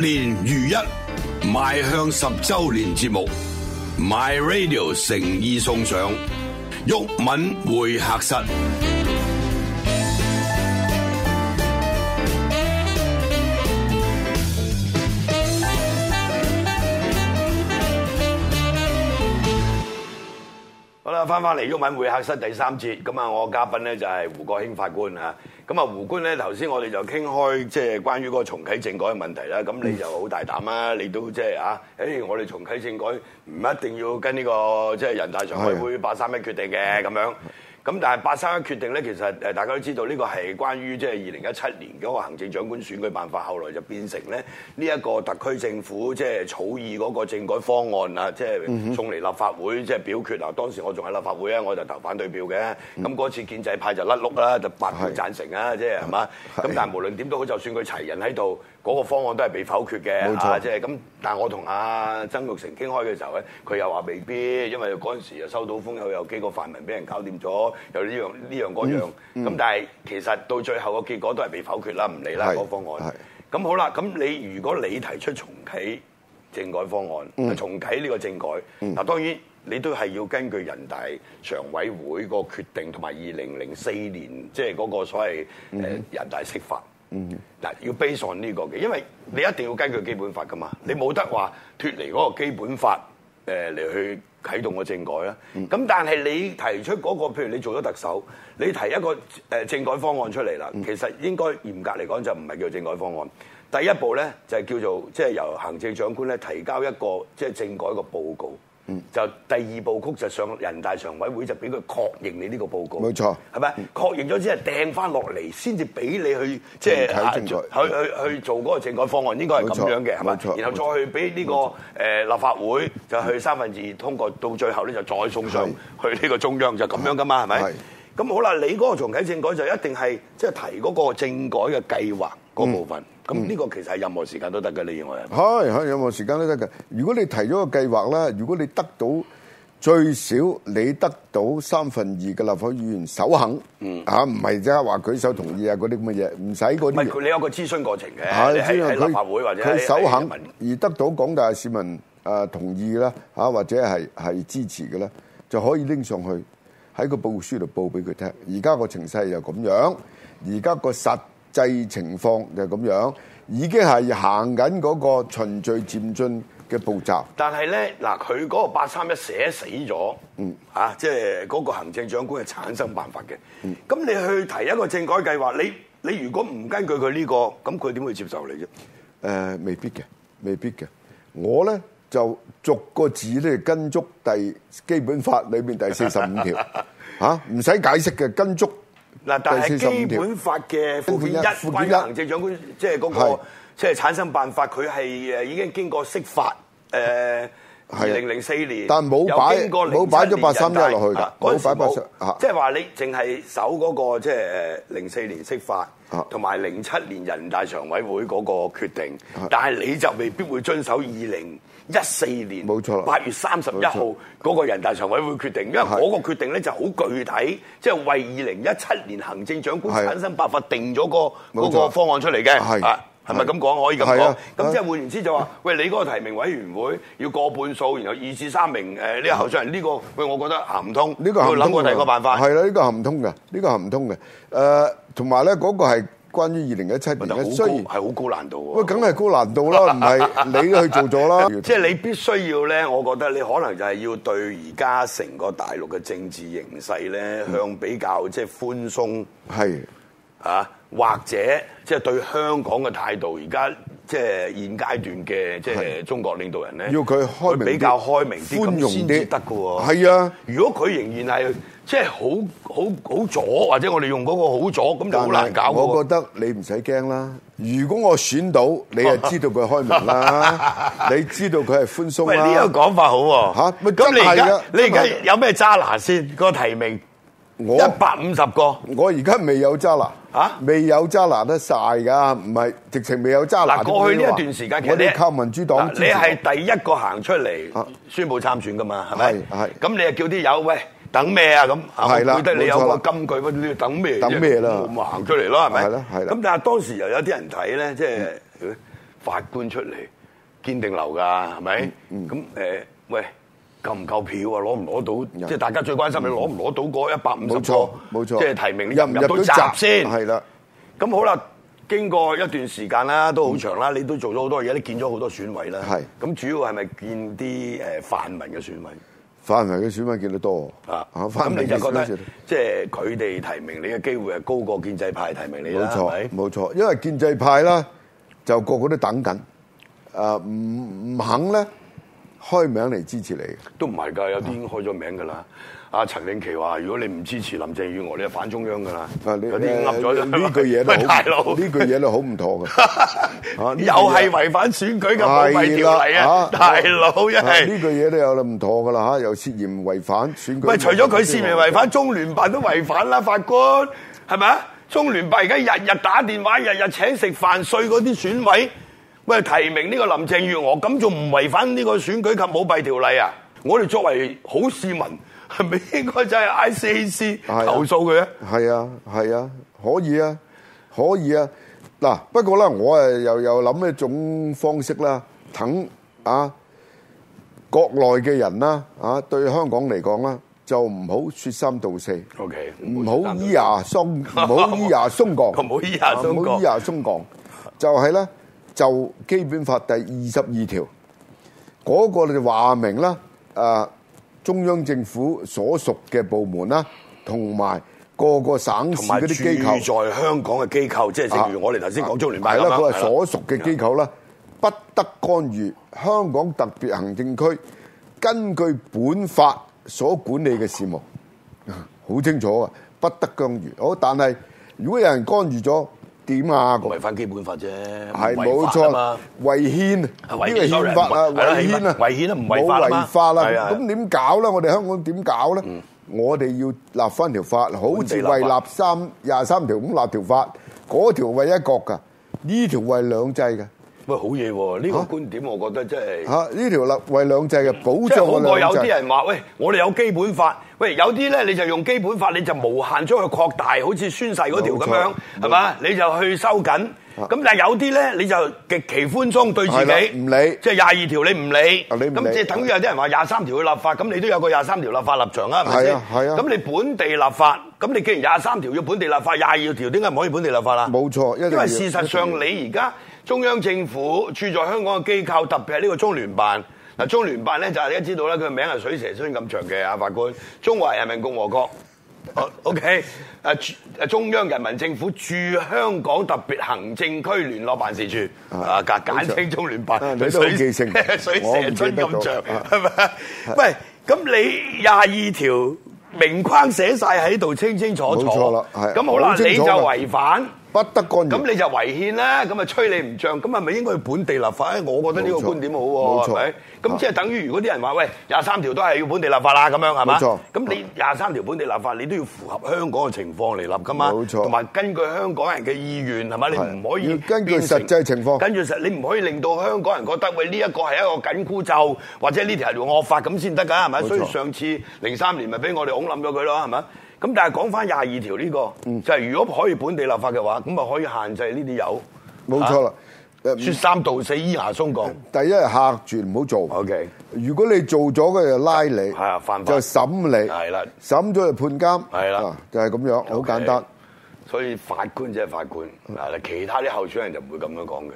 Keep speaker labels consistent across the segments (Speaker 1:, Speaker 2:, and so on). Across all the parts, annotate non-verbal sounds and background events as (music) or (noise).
Speaker 1: 年如一，邁向十周年節目，My Radio 誠意送上，毓民 (noise) 會客室。好啦，翻返嚟毓民會客室第三節，咁啊，我嘉賓咧就係胡國興法官啊。咁啊，胡官咧頭先我哋就傾開即係關於嗰個重啟政改嘅問題啦。咁你就好大膽啊，你都即係啊，誒、哎，我哋重啟政改唔一定要跟呢個即係人大常委會八三一決定嘅咁的樣。咁但係八三一決定咧，其實誒大家都知道呢個係關於即係二零一七年嗰個行政長官選舉辦法，後來就變成咧呢一個特區政府即係、就是、草擬嗰個政改方案啊，即、就、係、是、送嚟立法會即係、就是、表決啊。當時我仲喺立法會啊，我就投反對票嘅。咁嗰、嗯、次建制派就甩碌啦，就八票贊成啊，即係係嘛。咁是 但係無論點都好，就算佢齊人喺度，嗰、那個方案都係被否決嘅。冇沒錯、啊，即係咁。但係我同阿曾鈺成傾開嘅時候咧，佢又話未必，因為嗰陣時又收到風，又有幾個泛民俾人搞掂咗。有呢樣呢樣嗰樣，咁、嗯嗯、但係其實到最後個結果都係被否決啦，唔理啦嗰是個方案。咁好啦，咁你如果你提出重啟政改方案，嗯、重啟呢個政改，嗱、嗯、當然你都係要根據人大常委會個決定同埋二零零四年即係嗰個所謂誒人大釋法，嗱、嗯嗯、要 base on 呢個嘅，因為你一定要根據基本法噶嘛，你冇得話脫離嗰個基本法。誒嚟去啟動個政改啦，咁、嗯、但係你提出嗰、那個，譬如你做咗特首，你提一個誒政改方案出嚟啦，嗯、其實應該嚴格嚟講就唔係叫政改方案。第一步咧就係、是、叫做即係、就是、由行政長官咧提交一個即係、就是、政改個報告。嗯，就第二部曲就上人大常委會就俾佢確認你呢個報告。冇錯，係咪？確認咗之後掟翻落嚟，先至俾你去即係去去去做嗰個政改方案。應該係咁樣嘅，係嘛？然後再去俾呢個誒立法會就去三分之二通過，到最後咧就再送上去呢是個中央就咁、是、樣噶嘛，係咪？咁好啦，你嗰個重啟政改就一定係即係提嗰個政改嘅計劃嗰部分。嗯嗯咁呢、嗯、個其實係
Speaker 2: 任何時間都得嘅，你認為？係係任何時間都得嘅。如果你提咗個計劃咧，如果你得到最少你得到三分二嘅立法議員首肯，嗯，嚇唔係即係話舉手同意啊嗰啲咁嘅嘢，唔使嗰啲。唔係
Speaker 1: 佢，你有個諮詢過程嘅。喺立法會或者佢首肯，
Speaker 2: 而得到廣大市民誒、啊、同意啦，嚇、啊、或者係係支持嘅咧，就可以拎上去喺個報告書度報俾佢聽。而家個情勢又咁樣，而家個實。制情況就咁樣，已經係行緊嗰個循序漸進嘅步驟。但
Speaker 1: 係咧，嗱佢嗰個八三一寫死咗，嗯啊，即係嗰個行政長官係產生辦法嘅。咁、嗯、你去提一個政改計劃，你你如果唔根據佢呢個，
Speaker 2: 咁佢點會接受你啫？誒、呃，未必嘅，未必嘅。我咧就逐個字咧跟足《第基本法》裏面第四十五條，嚇唔使解釋嘅跟足。嗱，但係基本
Speaker 1: 法嘅附件一關於行政長官即係嗰個即係產生辦法，佢係誒已經經過釋法，誒，係零零四年但冇擺過，冇擺咗八三一落去嘅，嗰陣時冇，即係話你淨係守嗰個即係誒零四年釋法。同埋零七年人大常委會嗰個決定，是的 但係你就未必會遵守二零一四
Speaker 2: 年冇錯，八
Speaker 1: 月三十一號嗰個人大常委會決定，因為嗰個決定咧就好具體，即係為二零一七年行政長官產生辦法定咗個嗰個方案出嚟嘅。係咪咁講？可以咁講？咁即係換言之就話、是，啊、喂，你嗰個提名委員會要過半數，然後二至三名誒呢個候選人呢、這個，喂，我覺得行唔通，呢個諗過第二個辦法，係
Speaker 2: 啦、啊，呢、這個行唔通嘅，呢、這個行唔通嘅。誒、呃，同埋咧嗰個係關於二零一七年嘅，雖然係好高難度、啊，喂，梗係高難度啦，唔係 (laughs) 你去做咗啦。即係
Speaker 1: (laughs) 你必須要咧，我覺得你可能就係要對而家成個大陸嘅政治形勢咧，向比較即係、就是、寬鬆，係、嗯。啊，或者即係對香港嘅態度，而家即係現階段嘅即係中國領導人咧，要佢開明，比較開明啲，寬容啲得嘅喎。係啊，如果佢仍然係即係好好好咗，或者我哋用嗰個「好咗」咁就好難搞。我覺
Speaker 2: 得你唔使驚啦，如果我選到，你就知道佢開明啦，你知道佢係寬鬆啦。呢個講法好喎，咁你而家你而家有咩渣拿先個提名？一百五十個，我而家未有揸拿，嚇未有揸拿得曬噶，唔係直情未有揸拿。嗱，過去呢一段時間其實我哋靠民主黨，你係
Speaker 1: 第一個行出嚟宣佈參選噶嘛，係咪？係，咁你又叫啲友，喂等咩啊咁？係啦，你有個根據，你要等咩？等咩啦？咪行出嚟咯，係咪？係咯，係啦。咁但係當時又有啲人睇咧，即係法官出嚟鑑定樓噶，係咪？咁誒，喂。夠唔夠票啊？攞唔攞到？即係大家最關心，你攞唔攞到嗰一百五十個？冇錯，冇錯。即係提名，你入唔入到閘先？係啦。咁好啦，經過一段時間啦，都好長啦。你都做咗好多嘢，你見咗好多選委啦。係。咁主要係咪見啲誒泛民嘅選委？
Speaker 2: 泛民嘅選委見得多啊！咁你就覺得，
Speaker 1: 即係佢哋提名你嘅機會係高過建制派提名你？冇錯，
Speaker 2: 冇錯，因為建制派啦，就個個都等緊，誒唔唔肯咧。開名嚟支持你，
Speaker 1: 都唔係噶，有啲已經開咗名噶啦。阿陳永棋話：如果你唔支持林鄭月娥，你就反中央噶啦。有啲噏咗呢句嘢都，呢句嘢都好唔妥噶。
Speaker 2: 又係違反選舉嘅保密條例啊！大佬，一係呢句嘢都有啦，唔妥噶啦嚇，又涉嫌違反選舉。咪除咗佢涉嫌違反，
Speaker 1: 中聯辦都違反啦，法官係咪啊？中聯辦而家日日打電話，日日請食飯，碎嗰啲選委。佢提名呢個林鄭月娥，咁仲唔違反呢個選舉及舞弊條例啊？我哋作為好市民，係咪應該就係 I C C
Speaker 2: 投訴佢啊？係啊，係啊，可以啊，可以啊。嗱，不過咧，我誒又又諗一種方式啦，等啊國內嘅人啦，啊對香港嚟講啦，就唔好說三道四。O K，唔好咿牙鬆，唔好咿牙鬆講，唔好咿牙鬆講，就係咧，就基本法第二十二條嗰個你哋話明啦，誒、啊、中央政府所屬嘅部門啦，同埋各個省市嗰啲機構在
Speaker 1: 香港嘅機構，啊、即係正如我哋頭先講中聯辦啦，佢係、啊啊、所屬嘅機
Speaker 2: 構啦，的不得干預香港特別行政區根據本法所管理嘅事務，好 (laughs) 清楚啊，不得干預。好，但係如果有人干預咗？點啊？違反基本法啫，係冇錯啦，違憲啊！呢個違憲法啊，違憲啊，違憲都唔違法啦嘛謙。咁點搞咧？我哋香港點搞咧？嗯、我哋要立翻條法，好似為立三廿三條咁立條法，嗰條為一國㗎，呢條為兩制㗎。喂，好嘢喎！呢個
Speaker 1: 觀點，我覺得真係嚇
Speaker 2: 呢條立為兩制嘅保障兩制。即係好過有啲人
Speaker 1: 話，喂，我哋有基本法，喂，有啲咧你就用基本法，你就無限將佢擴大，好似宣誓嗰條咁樣，係嘛？你就去收緊。咁但係有啲咧，你就極其寬鬆對自己唔理，即係廿二條你唔理。咁即係等於有啲人話廿三條嘅立法，咁你都有個廿三條立法立場啊？係咪？係啊。咁你本地立法，咁你既然廿三條要本地立法，廿二條點解唔可以本地立法啊？
Speaker 2: 冇錯，因為事實上你
Speaker 1: 而家。中央政府駐在香港嘅機構，特別係呢個中聯辦。嗱，中聯辦咧就大家知道啦，佢嘅名係水蛇春咁長嘅啊法官。中華人民共和國，O K，誒， (laughs) okay，中央人民政府駐香港特別行政區聯絡辦事處。啊、 (laughs) 嗯，簡稱中聯辦。嗯、你水記性，水蛇春咁長，係咪？喂，咁你廿二條明框寫晒喺度，清清楚楚，啦。咁好啦，你就違反。不得干，淨，咁你就違憲啦！咁啊，吹你唔脹，咁係咪應該去本地立法咧？我覺得呢個觀點好喎，係咪？咁即係等於如果啲人話，喂，廿三條都係要本地立法啦，咁樣係嘛？咁你廿三條本地立法，你都要符合香港嘅情況嚟立㗎嘛？冇錯錯，同埋根據香港人嘅意願係咪？的你唔可以根據實
Speaker 2: 際情況，根
Speaker 1: 據實你唔可以令到香港人覺得喂呢、這個、一個係一個緊箍咒，或者呢條惡法咁先得㗎係咪？」錯所以上次零三年咪俾我哋拱冧咗佢咯係咪？咁但係講翻廿二條呢、這個，嗯、就係如果可以本地立法嘅話，咁啊可以限制呢啲有？冇錯啦，說、啊、三道四依牙鬆講。
Speaker 2: 第一嚇住唔好做。O K。如果你做咗嘅就拉你，啊、犯法就審你。係啦的，審咗就判監。係啦的、啊，就係、是、咁樣。好 Okay. 簡單。
Speaker 1: 所以法官即係法官，嗯、其他啲候選人就唔會咁樣講嘅。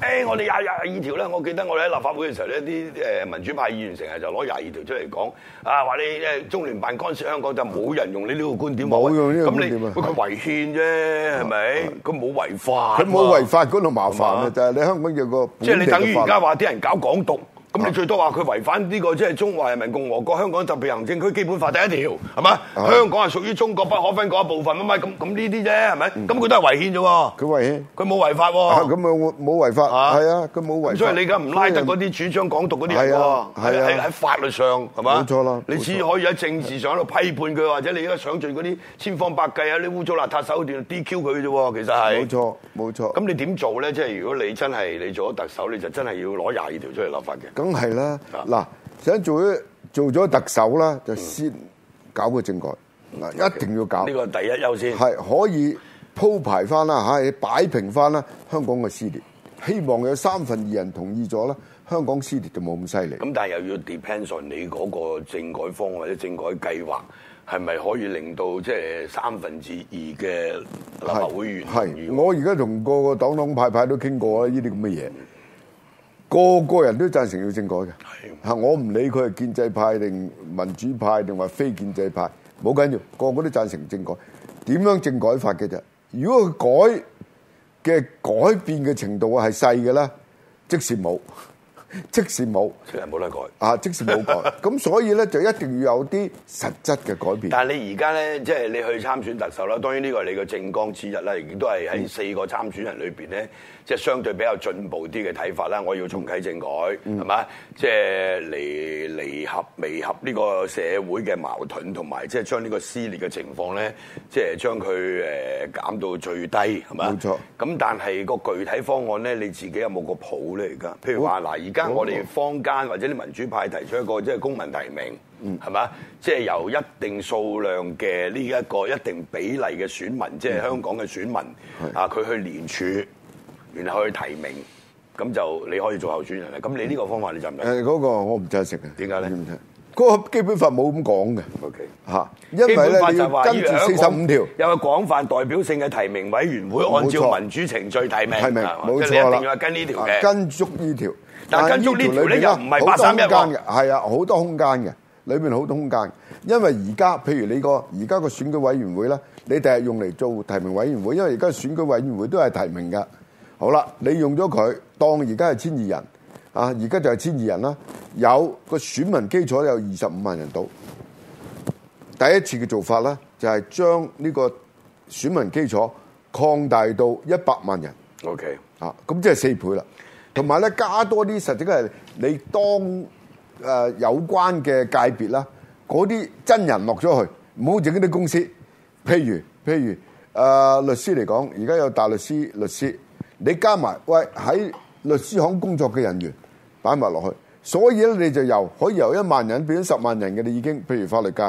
Speaker 1: 誒，我哋廿廿二條咧，我記得我哋喺立法會嘅時候咧，啲誒民主派議員成日就攞廿二條出嚟講，啊話你誒中聯辦干涉香港，就冇人用你呢個觀
Speaker 2: 點。冇用呢個觀點啊！咁你，
Speaker 1: 佢的違憲啫，係咪？佢冇違法。佢冇違法，
Speaker 2: 嗰度麻煩啊！的就係你香港有個，即係你等於而家
Speaker 1: 話啲人搞港獨。咁你最多話佢違反呢個即係《中華人民共和國香港特別行政區基本法》第一條，係
Speaker 2: 咪？香
Speaker 1: 港係屬於中國不可分割一部分，乜乜咁咁呢啲啫，係咪？咁佢都係違憲啫喎！
Speaker 2: 佢違憲，
Speaker 1: 佢冇違法喎。
Speaker 2: 咁冇違法係啊？佢冇違。所以你而家唔拉得嗰啲主張港獨嗰啲人喎。係啊！喺喺法
Speaker 1: 律上係嘛？冇錯啦。你只可以喺政治上喺度批判佢，或者你而家想盡嗰啲千方百計啊、啲污糟邋遢手段 DQ 佢啫喎。其實係冇錯，
Speaker 2: 冇錯。咁你點
Speaker 1: 做咧？即係如果你真係你做咗特首，你就真係要攞廿二條出嚟立法嘅。梗
Speaker 2: 係啦，嗱想做咗做咗特首啦，就先搞個政改，嗱、嗯、一定要搞。呢個
Speaker 1: 第一優先係
Speaker 2: 可以鋪排翻啦，嚇擺平翻啦香港嘅撕裂。希望有三分二人同意咗啦，香港撕裂就冇咁犀利。咁
Speaker 1: 但係又要 depend on 你嗰個政改方或者政改計劃係咪可以令到即係三分之二嘅
Speaker 2: 立法會議員？係我而家同個個黨黨派派都傾過啦，呢啲咁嘅嘢。嗯個個人都贊成要政改嘅，嚇的我唔理佢係建制派定民主派定話非建制派，冇緊要，個個都贊成政改，點樣政改法嘅啫？如果佢改嘅改變嘅程度啊係細嘅咧，即使冇。即使冇，即係冇得改 (laughs) 啊！即使冇改，咁所以咧就一定要有啲實質嘅改變。但係你而
Speaker 1: 家咧，即係你去參選特首啦，當然呢個係你嘅政綱之一啦，亦都係喺四個參選人裏邊咧，即係相對比較進步啲嘅睇法啦。我要重啟政改，係咪、嗯？即係嚟彌合彌合呢個社會嘅矛盾，同埋即係將呢個撕裂嘅情況咧，即係將佢誒、呃、減到最低，係咪？冇錯。咁但係個具體方案咧，你自己有冇個譜咧？而家譬如話嗱，而家、啊。而家我哋坊間或者啲民主派提出一個，即係公民提名，係嘛，嗯？即係由一定數量嘅呢一個一定比例嘅選民，即係香港嘅選民，嗯，啊，佢去聯署，然後去提名，咁就你可以做候選人啦。咁你呢個方法你就唔得？
Speaker 2: 誒，嗯，嗰個我唔贊成啊。點解咧？嗰個基本法冇咁講嘅，嚇，因為咧要跟住四十五條，
Speaker 1: 有個廣泛代表性嘅提名委員會，按照民主程序提名，提名，係咪？冇錯啦。跟呢條嘅，跟
Speaker 2: 足呢條，但跟足呢條咧又唔係八三一嘅，係啊，好多空間嘅，裏邊好多空間。因為而家，譬如你個而家個選舉委員會咧，你第日用嚟做提名委員會，因為而家選舉委員會都係提名㗎。好啦，你用咗佢當而家係千二人。啊！而家就係千二人啦，有個選民基礎有二十五萬人到。第一次嘅做法咧，就係將呢個選民基礎擴大到一百萬人。OK. 啊，咁即係四倍啦。同埋咧，加多啲，實質係你當誒、呃、有關嘅界別啦，嗰啲真人落咗去，唔好整嗰啲公司。譬如譬如誒、呃、律師嚟講，而家有大律師、律師，你加埋，喂，喺律師行工作嘅人員。擺埋落去，所以咧你就由可以由一萬人變咗十萬人嘅，你已經，譬如法律界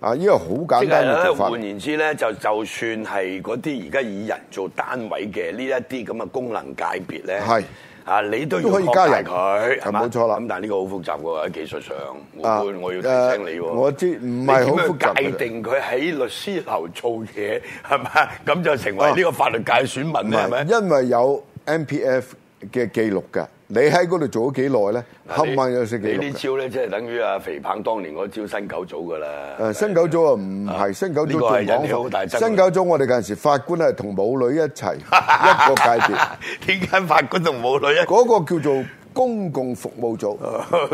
Speaker 2: 啊，呢個好簡單嘅。換
Speaker 1: 言之咧，就就算係嗰啲而家以人做單位嘅呢一啲咁嘅功能界別咧，是啊，你都可以加入。佢吧，係冇錯啦。咁但係呢個好複雜嘅喎，喺技術上，我、啊、我要聽你、啊。我
Speaker 2: 知唔係好複雜。你點樣界定
Speaker 1: 佢喺律師樓做嘢，係嘛？咁就成為呢個法律界選民咧，係咪？
Speaker 2: 因為有 M P F 嘅記錄噶。你喺嗰度做咗幾耐咧？黑晚你有食幾？呢啲招
Speaker 1: 咧，即係等於阿肥彭當年嗰招新九組嘅啦。誒，
Speaker 2: 新九組啊，唔係新九狗組、啊。呢、這個係好大新九組，我哋嗰陣時法官係同母女一齊 (laughs) 一個界別。
Speaker 1: 點解 (laughs) 法官同母女一？嗰
Speaker 2: 個叫做。公共服務組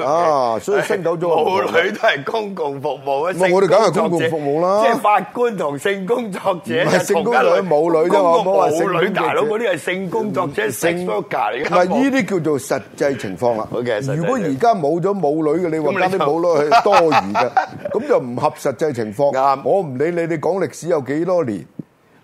Speaker 2: 啊，所以升到咗。母女都係
Speaker 1: 公共服務啊，唔係我哋梗係公共服務啦。即係法官同性工作者，唔係剩女母女啫嘛，唔好話剩女大佬嗰啲係性工作者、性工作者嚟嘅。唔係
Speaker 2: 呢啲叫做實際情況啦。好嘅，如果而家冇咗母女嘅，你話加啲母女係多餘嘅，咁就唔合實際情況。啱，我唔理你，你哋講歷史有幾多年，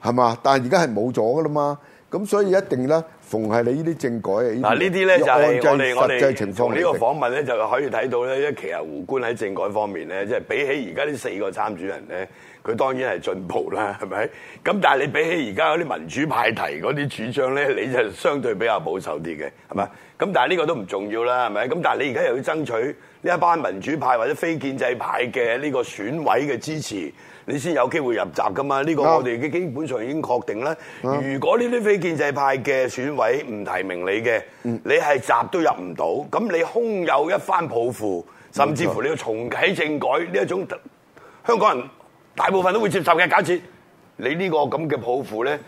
Speaker 2: 係嘛？但係而家係冇咗噶啦嘛，咁所以一定咧。逢係你呢啲政改啊，嗱呢啲咧就係我哋我哋，實際情況。呢個
Speaker 1: 訪問咧就可以睇到咧，一其實胡官喺政改方面咧，即係比起而家呢四個參選人咧，佢當然係進步啦，係咪？咁但係你比起而家嗰啲民主派提嗰啲主張咧，你就相對比較保守啲嘅，係咪？咁但係呢個都唔重要啦，係咪？咁但係你而家又要爭取呢一班民主派或者非建制派嘅呢個選委嘅支持。你先有機會入閘噶嘛？呢、這個我哋已經基本上已經確定啦。No. 如果呢啲非建制派嘅選委唔提名你嘅，mm. 你係閘都入唔到。咁你空有一番抱負，甚至乎你要重啟政改呢一種，香港人大部分都會接受嘅。假設你呢個咁嘅抱負咧，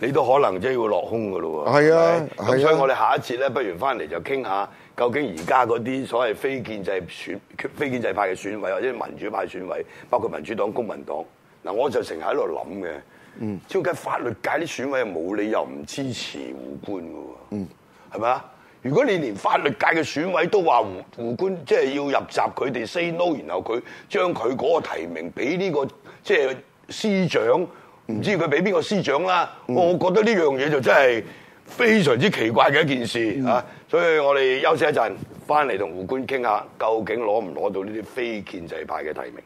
Speaker 1: 你都可能即係要落空噶咯喎。係啊，咁所以我哋下一次咧，不如翻嚟就傾下。究竟而家嗰啲所謂非建制選非建制派嘅選委，或者民主派選委，包括民主黨、公民黨，嗱，我就成日喺度諗嘅。嗯，照計法律界啲選委冇理由唔支持胡官嘅？嗯，係咪啊？如果你連法律界嘅選委都話胡，胡官，即係要入閘佢哋 say no，然後佢將佢嗰個提名俾呢個即係司長，唔知佢俾邊個司長啦？嗯，我覺得呢樣嘢就真係。非常之奇怪嘅一件事啊！嗯、所以我哋休息一陣返嚟同胡官傾下，究竟攞唔攞到呢啲非建制派嘅提名？